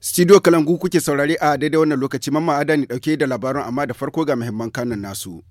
studio Kalangu. kuke saurare a daidai wannan lokaci mamma adani dauke da labarin amma da farko ga muhimman kanun nasu.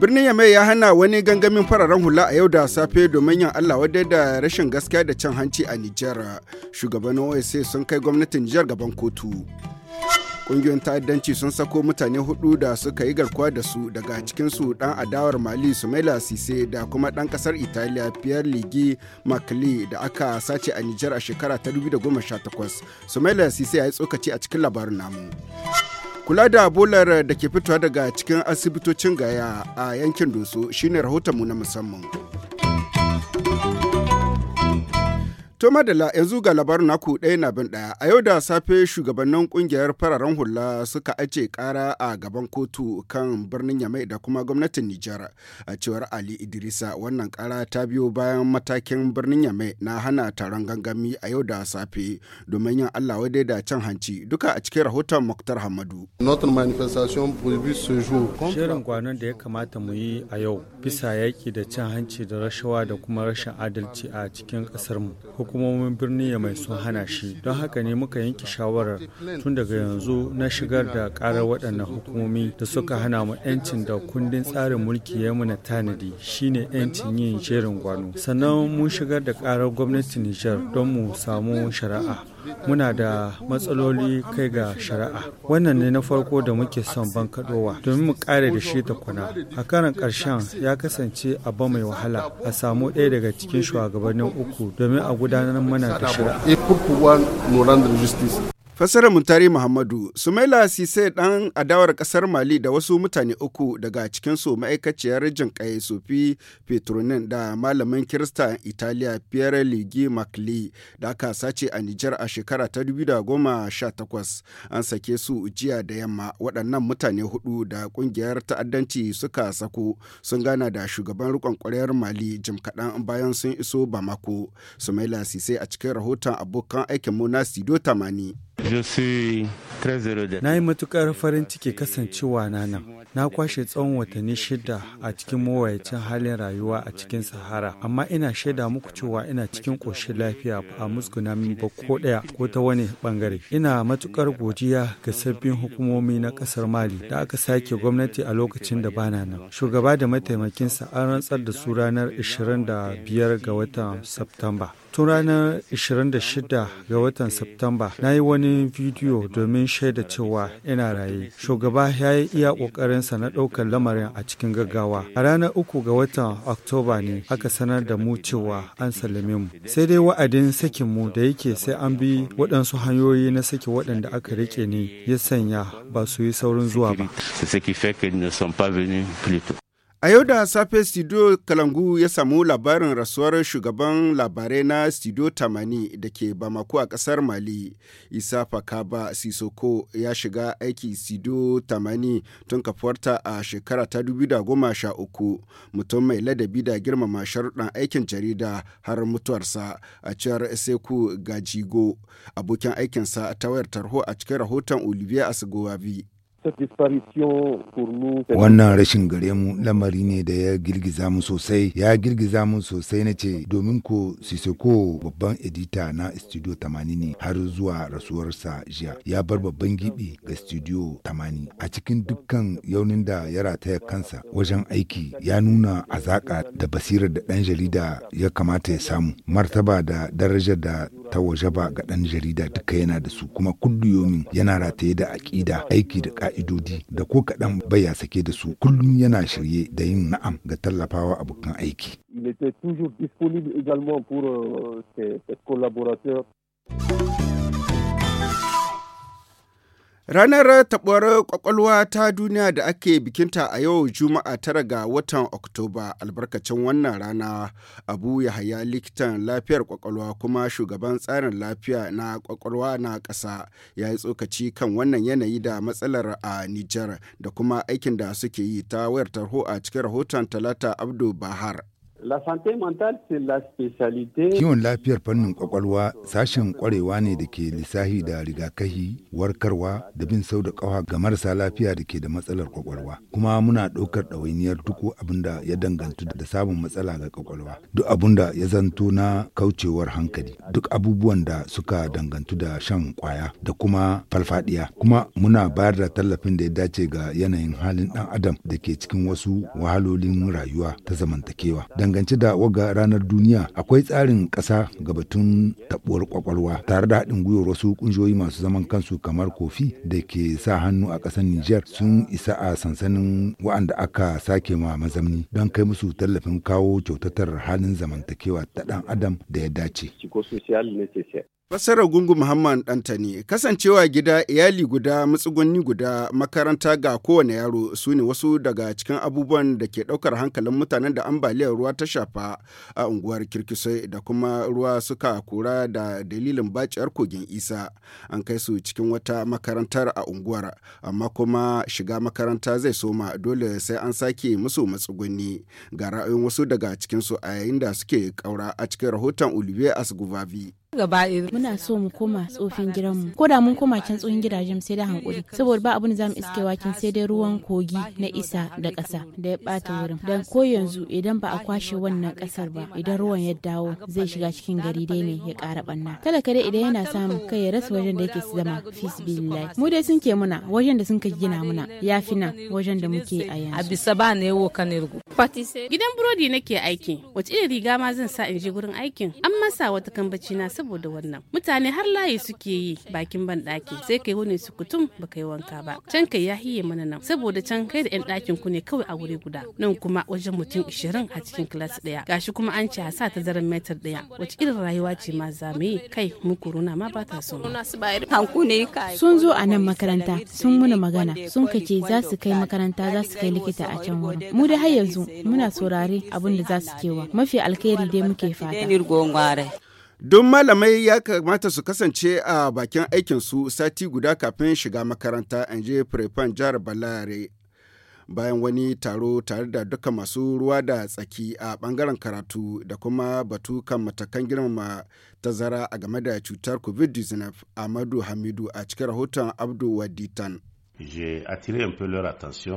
birnin yamai ya hana wani gangamin fararen hula a yau da safe domin yin allah wadda da rashin gaskiya da cin hanci a nijar shugabannin osa sun kai gwamnatin nijar gaban kotu Ƙungiyoyin ta'addanci sun sako mutane hudu da suka yi garkuwa da su daga cikinsu ɗan adawar Mali Sumaila Sise da kuma ɗan ƙasar Italiya Pierre Ligi Makli da aka sace a Nijar a shekara ta 2018. Sumaila Sise ya yi tsokaci a cikin labarin namu. kula da bolar da ke fitowa daga cikin asibitocin gaya a yankin doso shine mu na musamman To madalla yanzu ga labarin naku ɗaya na bin ɗaya a yau da safe shugabannin kungiyar fararen hula suka ace kara a gaban kotu kan birnin Yamai da kuma gwamnatin Nijar a cewar Ali Idrisa wannan kara ta biyo bayan matakin birnin Yamai na hana taron gangami a yau da safe domin yin Allah wadai da can hanci duka a cikin rahoton Muktar Hamadu. Notre manifestation prévue ce jour. Shirin kwanan da ya kamata mu yi a yau bisa yaƙi da cin hanci da rashawa da kuma rashin adalci a cikin ƙasarmu. hukumomin birni ya mai sun hana shi don haka ne muka yanke shawarar tun daga yanzu na shigar da karar waɗannan hukumomi da suka hana mu 'yancin da kundin tsarin mulki ya muna tanadi shine 'yancin yin jerin gwano sannan mun shigar da karar gwamnatin nijar don mu samu shari'a muna da matsaloli kai ga shari'a wannan ne na farko da muke son bankaɗowa domin mu ƙara da shi ta kuna a karan karshen ya kasance a abu mai wahala a samu ɗaya daga cikin shugabannin uku domin a gudanar mana da shari'a Fasarar Muntari Muhammadu, Sumaila Sise ɗan adawar ƙasar Mali da wasu mutane uku daga cikinsu ma'aikaciyar jin Sofi Petronin da malamin Kirista Italiya Pierre Ligi makli da aka sace a Nijar a shekara ta 2018 an sake su jiya da yamma waɗannan mutane hudu da ƙungiyar ta'addanci suka sako sun gana da shugaban riƙon Mali jim kaɗan bayan sun iso Bamako. Sumaila Sise a cikin rahoton abokan aikin na Sido Tamani. Na yi matukar farin ciki kasancewa na nan. Na kwashe tsawon watanni shida a cikin mawayacin halin rayuwa a cikin Sahara, amma ina shaida muku cewa ina cikin ƙoshin lafiya a musguna min ba ko ɗaya ko ta wani ɓangare. Ina matukar godiya ga sabbin hukumomi na ƙasar Mali da aka sake gwamnati a lokacin da bana nan. Shugaba da mataimakinsa an rantsar da su ranar 25 ga watan Satumba. Tun ranar 26 ga watan Septamba na yi wani bidiyo domin shaida cewa ina raye. Shugaba ya yi iya ƙoƙarinsa na ɗaukar lamarin a cikin gaggawa. A ranar uku ga watan Oktoba ne aka sanar da mu cewa an sallame mu. Sai dai wa'adin sakin mu da yake sai an bi waɗansu hanyoyi na saki waɗanda aka rike ne ya sanya ba su yi saurin zuwa ba. A yau da safe Studio Kalangu ya samu labarin rasuwar shugaban labarai na Studio Tamani da ke Bamako a ƙasar Mali. Isa Fakaba Sisoko ya shiga aiki Studio Tamani tun kafuwarta a shekara ta da 2013 mutum mai ladabi da girmama sharuɗan aikin jarida har mutuwarsa a cewar Seku Gajigo abokin aikinsa ta wayar tarho a cikin rahoton Olivier Asigowavi. Wannan rashin gare mu lamari ne da ya girgiza mu sosai, ya girgiza mu sosai na ce domin ko Sisoko babban edita na Studio 80 ne har zuwa rasuwarsa jiya. Ya bar babban gibi ga Studio 80 a cikin dukkan yaunin da ya rataya kansa wajen aiki ya nuna azaka da basirar da ɗan jarida ya kamata ya samu, martaba da darajar da ta waje ba ga ɗan jarida duka yana da su kuma kullu yomin yana rataye da aƙida aiki da kaidodi da ko kaɗan baya sake da su kullum yana shirye da yin na'am ga tallafawa abokan aiki. Il était toujours disponible également pour euh, ses collaborateurs. Ranar taɓar ƙwaƙwalwa ta duniya da ake bikinta a yau Juma'a tara ga watan Oktoba albarkacin wannan rana Abu Yahaya likitan lafiyar ƙwaƙwalwa kuma shugaban tsarin lafiya na ƙwaƙwalwa na ƙasa ya yi tsokaci kan wannan yanayi da matsalar a Nijar da kuma aikin da suke yi ta wayar tarho a cikin rahoton Talata Abdu Bahar. Kiwon lafiyar fannin kwakwalwa sashen kwarewa ne da ke lissahi da rigakahi, warkarwa da bin sau da ƙawa ga marasa lafiya da ke da matsalar kwakwalwa. Kuma muna ɗaukar ɗawainiyar duk abin da ya dangantu da samun matsala ga kwakwalwa. Duk abin da ya zanto na kaucewar hankali, duk abubuwan da suka dangantu da shan kwaya da kuma falfadiya. Kuma muna bayar da tallafin da ya dace ga yanayin halin ɗan adam da ke cikin wasu wahalolin rayuwa ta zamantakewa. dangance da waga ranar duniya akwai tsarin ƙasa ga batun tabuwar kwakwalwa tare da haɗin gwiwar wasu ƙungiyoyi masu zaman kansu kamar kofi da ke sa hannu a ƙasar Nijar sun isa a sansanin wa'anda aka sake ma mazamni don kai musu tallafin kawo kyautatar halin zamantakewa ta ɗan adam da ya dace. Fassarar Gungu Muhammad Dantani kasancewa gida iyali guda matsugunni guda makaranta ga kowane yaro su ne wasu daga cikin abubuwan da ke ɗaukar hankalin mutanen da ambaliyar ruwa ta shafa a unguwar kirkisai da kuma ruwa suka kura da dalilin baciyar kogin isa an kai su cikin wata makarantar a unguwar amma kuma shiga makaranta zai soma dole sai an sake musu matsugunni ga ra'ayin wasu daga cikinsu a yayin da suke ƙaura a cikin rahoton Olivier Asgubavi. gaba eh, muna so mu koma tsofin gidanmu ko da mun koma can tsohon gidajen sai da hankuri saboda ba abin da zamu iske wakin sai dai ruwan kogi na isa da ƙasa da ya bata wurin dan ko yanzu idan ba a kwashe wannan ƙasar ba idan ruwan ya dawo zai shiga cikin gari dai ne ya ƙara banna talaka dai idan yana samun kai ya rasa wajen da yake zama fisbillahi mu dai sun ke muna wajen da sun ka gina muna ya fi nan wajen da muke a yanzu a bisa ba ne wo irgu gidan burodi nake aiki wace irin riga ma zan sa in je gurin aikin an masa wata kambaci na saboda wannan mutane har layi suke yi bakin ban daki sai kai wani su kutum ba kai wanka ba can kai ya hiye mana nan saboda can kai da yan dakin ku ne kawai a wuri guda nan kuma wajen mutum 20 a cikin class daya gashi kuma an ce a sa zaran metar daya wace irin rayuwa ce ma za mu yi kai mu corona ma ba ta so sun zo a nan makaranta sun muna magana sun kace za su kai makaranta za su kai likita a can wani mu da har yanzu muna saurare abin da za su kewa mafi alkhairi dai muke fata Duk malamai ya kamata su kasance a bakin aikinsu sati guda kafin shiga makaranta, in je Firifan jihar Balare. Bayan wani taro tare da duka masu ruwa da tsaki a bangaren karatu da kuma batu kan matakan girmama tazara a game da cutar COVID-19 Amadu Hamidu a cikin rahoton Abdu Waditan.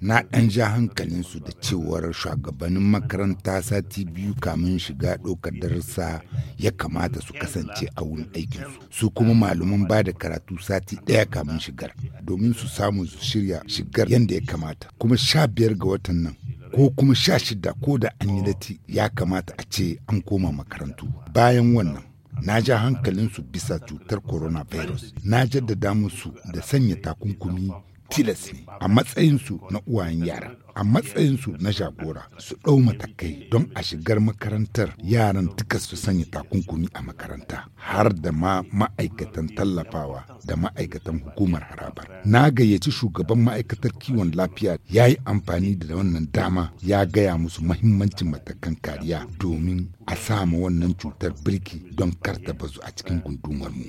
Na ɗan ja hankalinsu da cewar shugabannin makaranta sati biyu kamun shiga ɗaukar darasa ya kamata su kasance a wurin aikinsu. Su kuma malaman ba da karatu sati ɗaya kamun shigar domin su samu su shirya shigar yadda ya kamata. Kuma sha biyar ga watan nan ko kuma sha shida ko da an yi lati ya kamata a ce an koma makarantu. Bayan wannan na ja hankalinsu bisa cutar coronavirus na jaddada musu da sanya takunkumi tilas ne a matsayinsu na uwayen yara a matsayinsu na jagora su ɗau matakai don a shigar makarantar yaran duka su sanya takunkumi a makaranta har da ma ma'aikatan tallafawa da ma'aikatan hukumar harabar na gayyaci shugaban ma'aikatar kiwon lafiya ya yi amfani da wannan dama ya gaya musu mahimmancin matakan kariya domin a samu wannan cutar birki don karta bazu a cikin gundumar mu.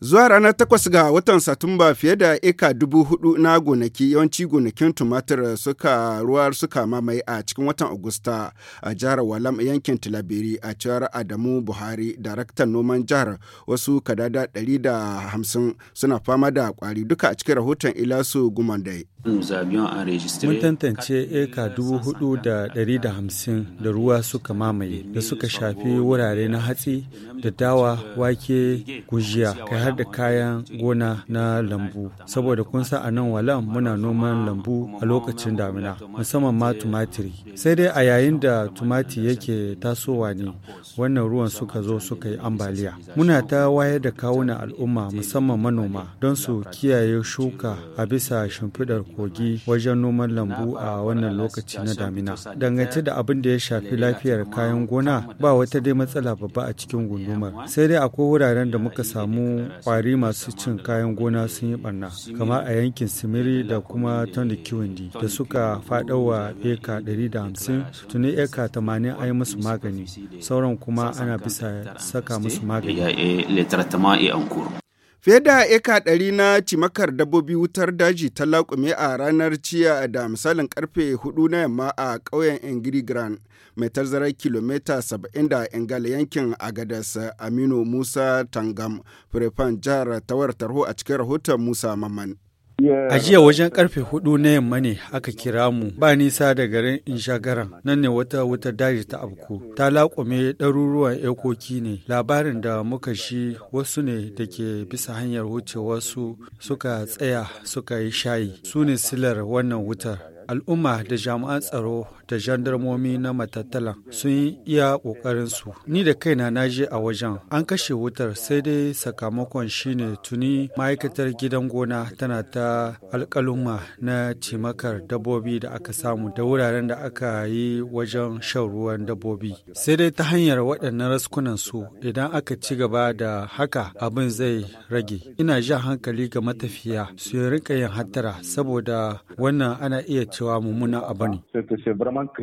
Zuwa ranar takwas ga watan Satumba fiye da eka dubu hudu na gonaki yawanci gonakin tumatir suka ruwar suka mamaye a cikin watan Agusta a jihar Walam yankin Tilabiri a cewar Adamu Buhari daraktan noman jihar wasu kadada 150 suna fama da kwari duka a cikin rahoton Ilasu Gumandai. Mun tantance eka dubu hudu da dari da hamsin da ruwa suka mamaye da suka shafi wurare na hatsi da dawa wake gujiya kai har da kayan gona na lambu saboda kun sa a nan walan muna noman lambu a lokacin damina musamman ma tumatiri sai dai a yayin da tumati yake tasowa ne wannan ruwan suka zo suka yi ambaliya muna ta wayar da kawunan al'umma musamman manoma don su kiyaye shuka a bisa shimfiɗar kogi wajen noman lambu a wannan lokaci na damina dangance da abin da ya shafi shafi lafiyar kayan gona ba wata dai matsala babba a cikin gundumar sai dai akwai wuraren da muka samu kwari masu cin kayan gona sun yi barna kamar a yankin simiri da kuma tondi kiwindi da suka faɗawa eka 150 tuni eka 80 ayi musu magani sauran kuma ana bisa saka musu magani Fiye da eka ɗari na cimakar dabbobi wutar daji ta laƙume a ranar ciya da misalin karfe hudu na yamma a ƙauyen Grand mai tazarar kilomita 70 da ingala yankin Agadas Aminu Musa Tangam, Firifan jihar Tawar Tarho a cikin rahoton Musa Maman. A jiya wajen karfe hudu na yamma ne aka kira mu ba nisa da garin Inshagaran nan ne wata wutar daji ta abku ta laƙume ɗaruruwan ekoki ne labarin da muka shi wasu ne da ke bisa hanyar wucewa su suka tsaya suka yi shayi su ne silar wannan wutar al'umma da jami'an tsaro da jandarmomi na matattalan sun iya su Ni da kaina na je a wajen an kashe wutar sai dai sakamakon shine tuni ma'aikatar gidan gona tana ta alƙaluma na cimakar dabbobi da aka samu da wuraren da aka yi wajen shan ruwan dabbobi. Sai dai ta hanyar waɗannan raskunan su idan aka ci gaba da haka abin zai rage. Ina jan hankali ga matafiya su rinka yin hattara saboda wannan ana iya ci wa mummuna munna a ban. c'est vrai vraiment que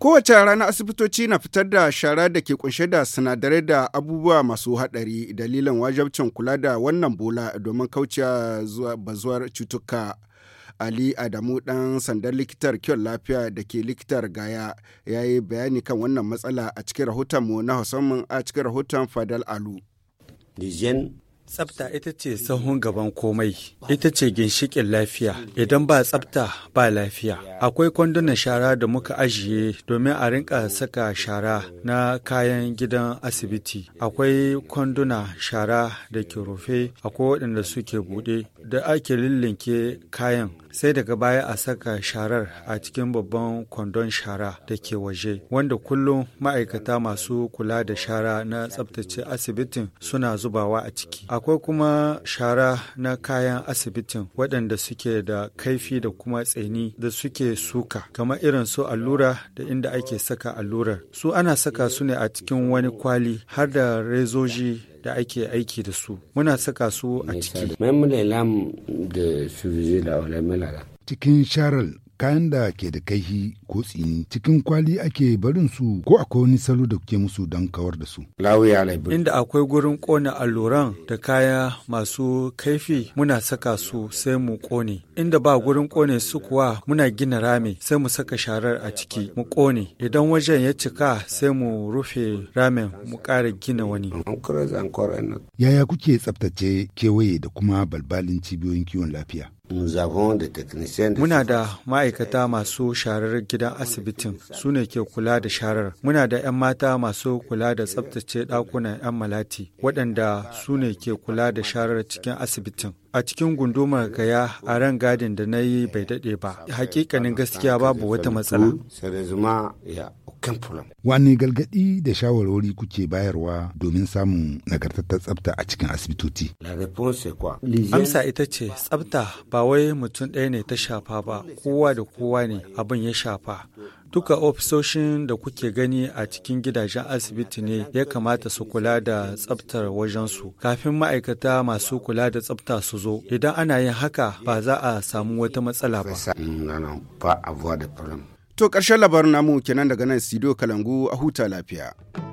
Kowace rana asibitoci na fitar da shara da ke kunshe da sinadarai da abubuwa masu haɗari dalilin wajabcin kula da wannan bola domin kaucewa zuwa bazuwar cutuka. Ali Adamu ɗan sandar likitar kyon lafiya da ke likitar Gaya ya yi bayani kan wannan matsala a cikin rahoton mu na musamman a cikin rahoton Fadal Alu. Tsafta ita ce sahun gaban komai, ita ce ginshikin lafiya, idan ba tsafta ba lafiya. Akwai kwandunan shara da muka ajiye domin a rinka saka shara na kayan gidan asibiti. Akwai kwanduna shara da ke rufe, akwai waɗanda suke buɗe, da ake lillinke kayan sai daga baya a saka sharar a cikin babban kwandon shara da ke waje wanda kullum ma'aikata masu kula da shara na tsabtace asibitin suna zubawa a ciki akwai kuma shara na kayan asibitin waɗanda suke da kaifi da kuma tsaini da suke suka kamar irin su allura da inda ake saka allurar su ana saka su ne a cikin wani kwali har da rezoji da ake aiki da su muna saka su a ciki cikin sharal kayan da ke da kaihi ko tsini cikin kwali ake barin su ko akwai wani salo da kuke musu don kawar da su. Inda akwai gurin kone alluran da kaya masu kaifi muna saka su sai mu kone. Inda ba gurin kone su kuwa muna gina rami sai mu saka sharar a ciki mu kone. Idan wajen ya cika sai mu rufe ramin mu ƙara gina wani. Yaya kuke tsaftace kewaye da kuma balbalin cibiyoyin kiwon lafiya? Muna da ma'aikata masu sharar gidan asibitin su ne ke kula da sharar. Muna da 'yan mata masu kula da tsaftace ɗakunan 'yan malati waɗanda su ne ke kula da sharar cikin asibitin. a cikin gundumar gaya a ran gadin da na yi bai daɗe ba hakikanin gaskiya babu wata matsala kan problem. Wani galgadi da shawarwari kuke bayarwa domin samun nagartattar tsafta a cikin asibitoci? Amsa ita ce tsafta ba wai mutum ɗaya ne ta shafa ba, kowa da kowa ne abin ya shafa. Duka ofisoshin da kuke gani a cikin gidajen asibiti ne ya kamata su kula da tsabtar wajensu kafin ma'aikata masu kula da tsabta su zo. Idan ana yin haka ba za a samu wata matsala ba. To ƙarshen labarin namu kenan daga nan Sido Kalangu a huta lafiya.